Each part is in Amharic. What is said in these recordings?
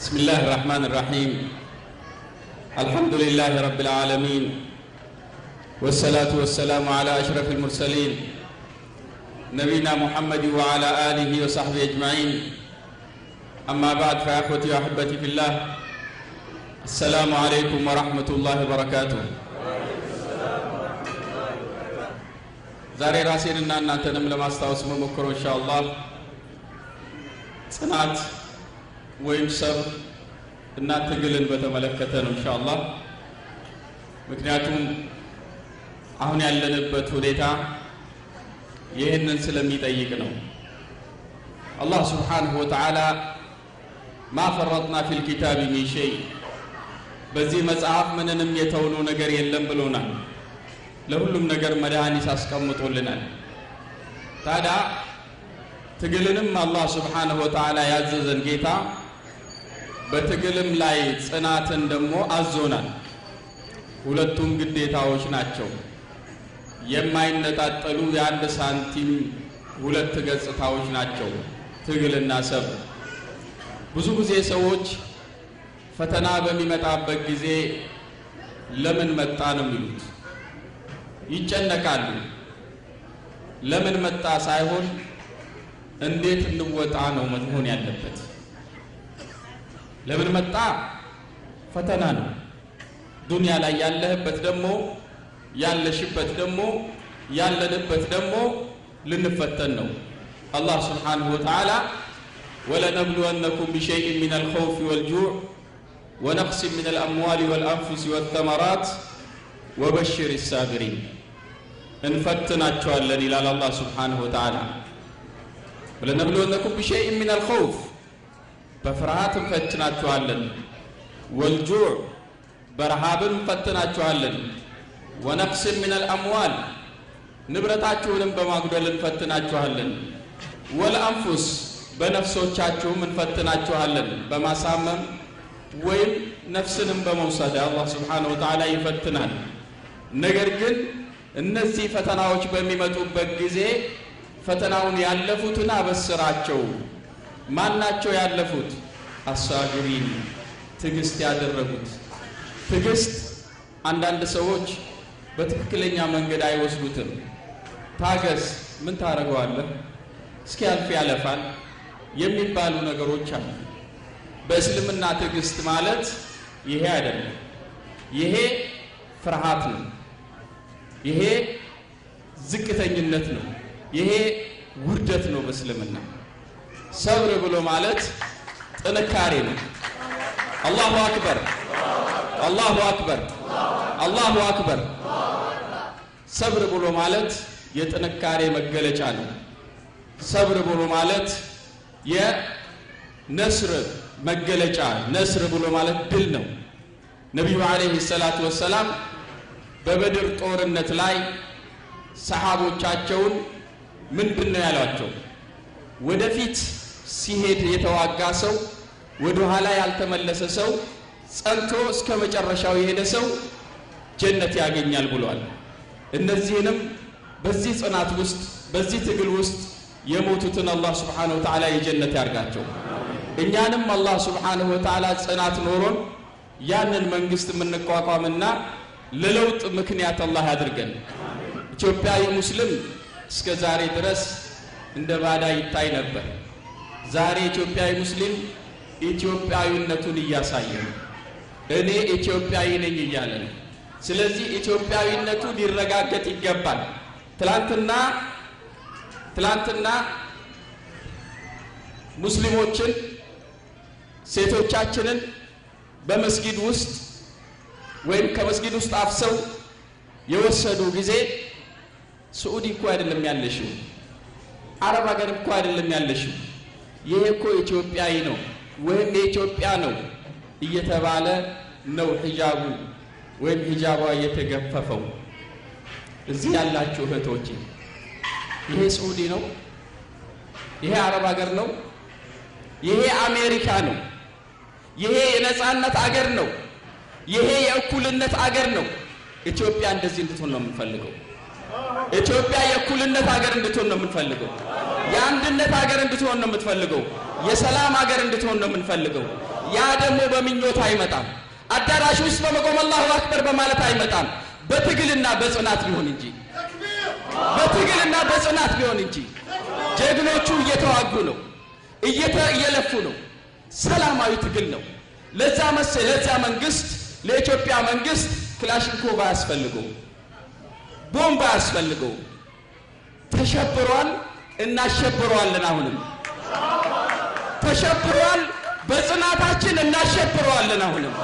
بسم الله الرحمن الرحيم الحمد لله رب العالمين والصلاة والسلام على أشرف المرسلين نبينا محمد وعلى آله وصحبه أجمعين أما بعد فأخوتي وأحبتي في الله السلام عليكم ورحمة الله وبركاته زاري راسين لما ራሴንና እናንተንም إن شاء الله ጽናት ويمسر الناتجل بتملكة إن شاء الله مكنياتهم أهني على نبته ديتا يهن سلمي تيجنهم الله سبحانه وتعالى ما فرطنا في الكتاب من شيء بزي مزعف من نم يتونو نجر يلم بلونا لهم نجر مراني ساسكم متولنا تادا تجلنم الله سبحانه وتعالى يعززن قيتا በትግልም ላይ ጽናትን ደግሞ አዞናል። ሁለቱም ግዴታዎች ናቸው። የማይነጣጠሉ የአንድ ሳንቲም ሁለት ገጽታዎች ናቸው ትግልና ሰብ። ብዙ ጊዜ ሰዎች ፈተና በሚመጣበት ጊዜ ለምን መጣ ነው የሚሉት፣ ይጨነቃሉ። ለምን መጣ ሳይሆን እንዴት እንወጣ ነው መሆን ያለበት። لمن متى فتنان دنيا لا يالله بتدمو يالله شب بتدمو يالله نب بتدمو لنفتنو الله سبحانه وتعالى ولنبلونكم بشيء من الخوف والجوع ونقص من الأموال والأنفس والثمرات وبشر الصابرين إن فتنا الذي لا الله سبحانه وتعالى ولنبلونكم بشيء من الخوف በፍርሃት እንፈትናችኋለን፣ ወልጁዕ በረሃብን እንፈትናችኋለን፣ ወነፍስን ሚነል አምዋል ንብረታችሁንም በማጉደል እንፈትናችኋለን፣ ወለአንፉስ በነፍሶቻችሁም እንፈትናችኋለን፣ በማሳመም ወይም ነፍስንም በመውሰድ አላህ ስብሓነሁ ወተዓላ ይፈትናል። ነገር ግን እነዚህ ፈተናዎች በሚመጡበት ጊዜ ፈተናውን ያለፉትን አበስራቸው ማናቸው ያለፉት? አሳቢሪን ትዕግስት ያደረጉት። ትዕግስት አንዳንድ ሰዎች በትክክለኛ መንገድ አይወስዱትም። ታገስ፣ ምን ታደርገዋለህ፣ እስኪ ያልፍ ያለፋል የሚባሉ ነገሮች አሉ። በእስልምና ትዕግስት ማለት ይሄ አይደለም። ይሄ ፍርሃት ነው። ይሄ ዝቅተኝነት ነው። ይሄ ውርደት ነው በእስልምና ሰብር ብሎ ማለት ጥንካሬ ነው። አላሁ አክበር፣ አላሁ አክበር፣ አላሁ አክበር። ሰብር ብሎ ማለት የጥንካሬ መገለጫ ነው። ሰብር ብሎ ማለት የነስር መገለጫ፣ ነስር ብሎ ማለት ድል ነው። ነቢዩ ዓለይሂ ሰላቱ ወሰላም በበድር ጦርነት ላይ ሰሃቦቻቸውን ምንድን ነው ያሏቸው? ወደፊት ሲሄድ የተዋጋ ሰው፣ ወደ ኋላ ያልተመለሰ ሰው፣ ጸንቶ እስከ መጨረሻው የሄደ ሰው ጀነት ያገኛል ብሏል። እነዚህንም በዚህ ጽናት ውስጥ በዚህ ትግል ውስጥ የሞቱትን አላህ ስብሓነሁ ወተዓላ የጀነት ያርጋቸው። እኛንም አላህ ስብሓነሁ ወተዓላ ጽናት ኖሮን ያንን መንግስት የምንቋቋምና ለለውጥ ምክንያት አላህ ያድርገን። ኢትዮጵያዊ ሙስሊም እስከ ዛሬ ድረስ እንደ ባዳ ይታይ ነበር። ዛሬ ኢትዮጵያዊ ሙስሊም ኢትዮጵያዊነቱን እያሳየ ነው። እኔ ኢትዮጵያዊ ነኝ እያለ ነው። ስለዚህ ኢትዮጵያዊነቱ ሊረጋገጥ ይገባል። ትላንትና ትላንትና ሙስሊሞችን ሴቶቻችንን በመስጊድ ውስጥ ወይም ከመስጊድ ውስጥ አፍሰው የወሰዱ ጊዜ ስዑዲ እኮ አይደለም ያለሽው፣ አረብ ሀገር እኮ አይደለም ያለሽው ይሄ እኮ ኢትዮጵያዊ ነው ወይም የኢትዮጵያ ነው እየተባለ ነው ሂጃቡ ወይም ሂጃቧ እየተገፈፈው። እዚህ ያላችሁ እህቶች ይሄ ስዑዲ ነው፣ ይሄ አረብ ሀገር ነው፣ ይሄ አሜሪካ ነው፣ ይሄ የነፃነት አገር ነው፣ ይሄ የእኩልነት አገር ነው። ኢትዮጵያ እንደዚህ እንድትሆን ነው የምንፈልገው። ኢትዮጵያ የእኩልነት ሀገር እንድትሆን ነው የምንፈልገው። የአንድነት ሀገር እንድትሆን ነው የምትፈልገው። የሰላም ሀገር እንድትሆን ነው የምንፈልገው። ያ ደግሞ በምኞት አይመጣም። አዳራሽ ውስጥ በመቆም አላሁ አክበር በማለት አይመጣም። በትግልና በጽናት ቢሆን እንጂ በትግልና በጽናት ቢሆን እንጂ ጀግኖቹ እየተዋጉ ነው፣ እየለፉ ነው። ሰላማዊ ትግል ነው። ለዛ መሰ ለዛ መንግስት ለኢትዮጵያ መንግስት ክላሽንኮቭ አያስፈልገውም። ቦምብ አያስፈልገው። ተሸብሯል፣ እናሸብረዋለን። አሁንም ተሸብሯል፣ በጽናታችን እናሸብረዋለን። አሁንም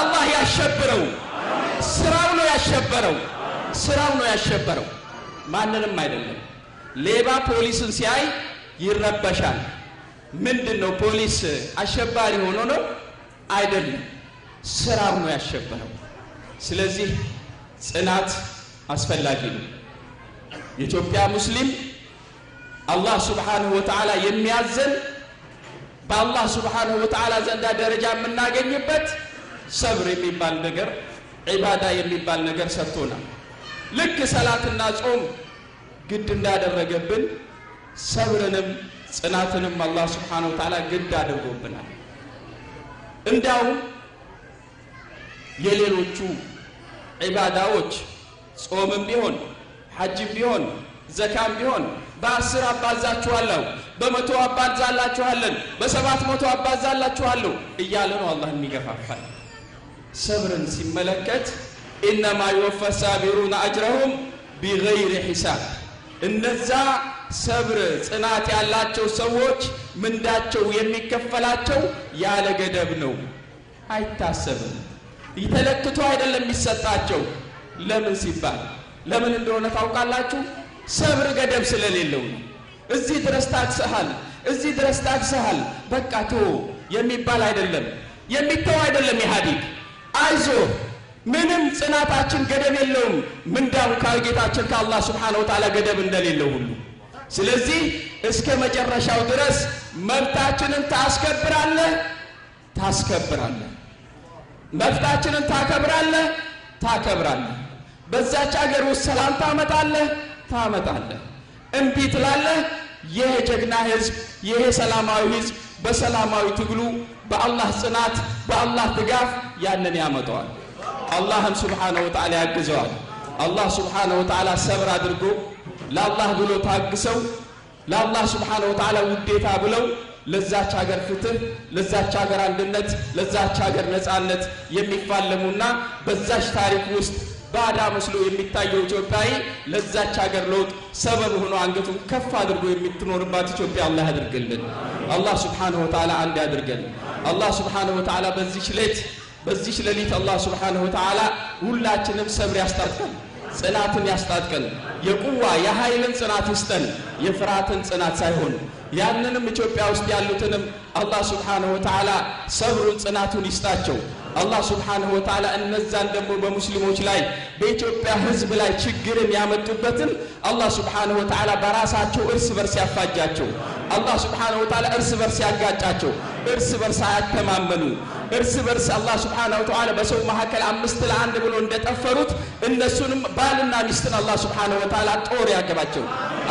አላህ ያሸብረው። ስራው ነው ያሸበረው፣ ስራው ነው ያሸበረው፣ ማንንም አይደለም። ሌባ ፖሊስን ሲያይ ይረበሻል። ምንድን ነው ፖሊስ አሸባሪ ሆኖ ነው? አይደለም፣ ስራው ነው ያሸበረው። ስለዚህ ጽናት አስፈላጊ ነው። የኢትዮጵያ ሙስሊም አላህ ስብሓንሁ ወተዓላ የሚያዘን በአላህ ስብሓንሁ ወተዓላ ዘንዳ ደረጃ የምናገኝበት ሰብር የሚባል ነገር ዒባዳ የሚባል ነገር ሰጥቶናል። ልክ ሰላትና ጾም ግድ እንዳደረገብን ሰብርንም ጽናትንም አላህ ስብሓንሁ ወተዓላ ግድ አድርጎብናል። እንዲያውም የሌሎቹ ዒባዳዎች ጾምም ቢሆን ሐጅም ቢሆን ዘካም ቢሆን በአስር አባዛችኋለሁ፣ በመቶ አባዛላችኋለን፣ በሰባት መቶ አባዛላችኋለሁ እያለ ነው አላህ የሚገፋፋል። ሰብርን ሲመለከት ኢነማ ዩወፋ ሳቢሩን አጅረሁም ቢገይር ሒሳብ እነዛ ሰብር ጽናት ያላቸው ሰዎች ምንዳቸው የሚከፈላቸው ያለ ገደብ ነው፣ አይታሰብም። ይተለክቶ አይደለም የሚሰጣቸው ለምን ሲባል ለምን እንደሆነ ታውቃላችሁ? ሰብር ገደብ ስለሌለው ነው። እዚህ ድረስ ታክሰሃል፣ እዚህ ድረስ ታክሰሃል፣ በቃ ተው የሚባል አይደለም፣ የሚተው አይደለም። ኢህአዴግ አይዞ ምንም ጽናታችን ገደብ የለውም። ምንዳም ከጌታችን ከአላህ ስብሓነሁ ወተዓላ ገደብ እንደሌለው ሁሉ ስለዚህ እስከ መጨረሻው ድረስ መብታችንን ታስከብራለህ ታስከብራለህ መብታችንን ታከብራለህ ታከብራለህ። በዛች አገር ውስጥ ሰላም ታመጣለህ ታመጣለህ። እምቢ ትላለህ። ይህ ጀግና ህዝብ፣ ይህ ሰላማዊ ህዝብ በሰላማዊ ትግሉ በአላህ ጽናት፣ በአላህ ድጋፍ ያንን ያመጣዋል። አላህም ስብሓነ ወተዓላ ያግዘዋል። አላህ ስብሓነ ወተዓላ ሰብር አድርጎ ለአላህ ብሎ ታግሰው ለአላህ ስብሓነ ወተዓላ ውዴታ ብለው ለዛች ሀገር ፍትህ፣ ለዛች ሀገር አንድነት፣ ለዛች ሀገር ነፃነት የሚፋለሙና በዛች ታሪክ ውስጥ ባዳ መስሎ የሚታየው ኢትዮጵያዊ ለዛች ሀገር ለውጥ ሰበብ ሆኖ አንገቱን ከፍ አድርጎ የምትኖርባት ኢትዮጵያ አላህ ያድርግልን። አላህ ስብሓነሁ ወተዓላ አንድ ያድርገን። አላህ ስብሓነሁ ወተዓላ በዚች ሌት በዚች ሌሊት አላህ ስብሓነሁ ወተዓላ ሁላችንም ሰብር ያስታጥቀን፣ ጽናትን ያስታጥቀን፣ የቁዋ የኃይልን ጽናት ይስጠን፣ የፍርሃትን ጽናት ሳይሆን ያንንም ኢትዮጵያ ውስጥ ያሉትንም አላህ ስብሓነሁ ወተዓላ ሰብሩን ጽናቱን ይስጣቸው። አላህ ስብሓንሁ ወተዓላ እነዛን ደግሞ በሙስሊሞች ላይ በኢትዮጵያ ህዝብ ላይ ችግርን ያመጡበትን አላህ ስብሓንሁ ወተዓላ በራሳቸው እርስ በርስ ያፋጃቸው። አላህ ስብሓንሁ ወተዓላ እርስ በርስ ያጋጫቸው። እርስ በርስ አያተማመኑ። እርስ በርስ አላህ ስብሓንሁ ወተዓላ በሰው መካከል አምስት ለአንድ ብሎ እንደጠፈሩት እነሱንም ባልና ሚስትን አላህ ስብሓንሁ ወተዓላ ጦር ያገባቸው።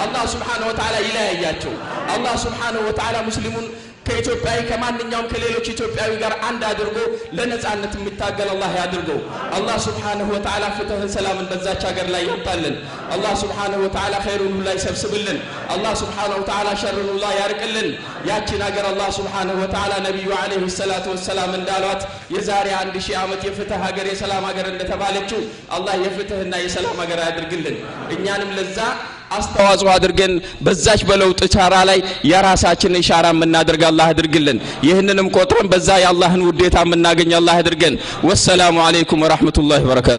አላህ ስብሓንሁ ወተዓላ ይለያያቸው። አላህ ስብሓንሁ ወተዓላ ሙስሊሙን كإثيوبيا كمان نجوم كليلو كإثيوبيا وجر عند أدرجو لنزعل نتمتاجل الله يأدرجو الله سبحانه وتعالى فتح السلام البزات شجر لا يبطلن الله سبحانه وتعالى خير ولا يسبسبلن الله سبحانه وتعالى شر ولا يركلن يا كنا جر الله سبحانه وتعالى نبي عليه الصلاة والسلام من دالوات يزاري عن بشي عمت يفتح أجر السلام أجر النتبالك الله يفتح النا يسلام أجر أدرجلن إن يعلم لذا አስተዋጽኦ አድርገን በዛች በለውጥ ቻራ ላይ የራሳችን ኢሻራ የምናደርግ አላህ አድርግልን። ይህንንም ቆጥረን በዛ የአላህን ውዴታ የምናገኝ አላህ አድርገን። ወሰላሙ አለይኩም ወራህመቱላሂ ወበረካቱ።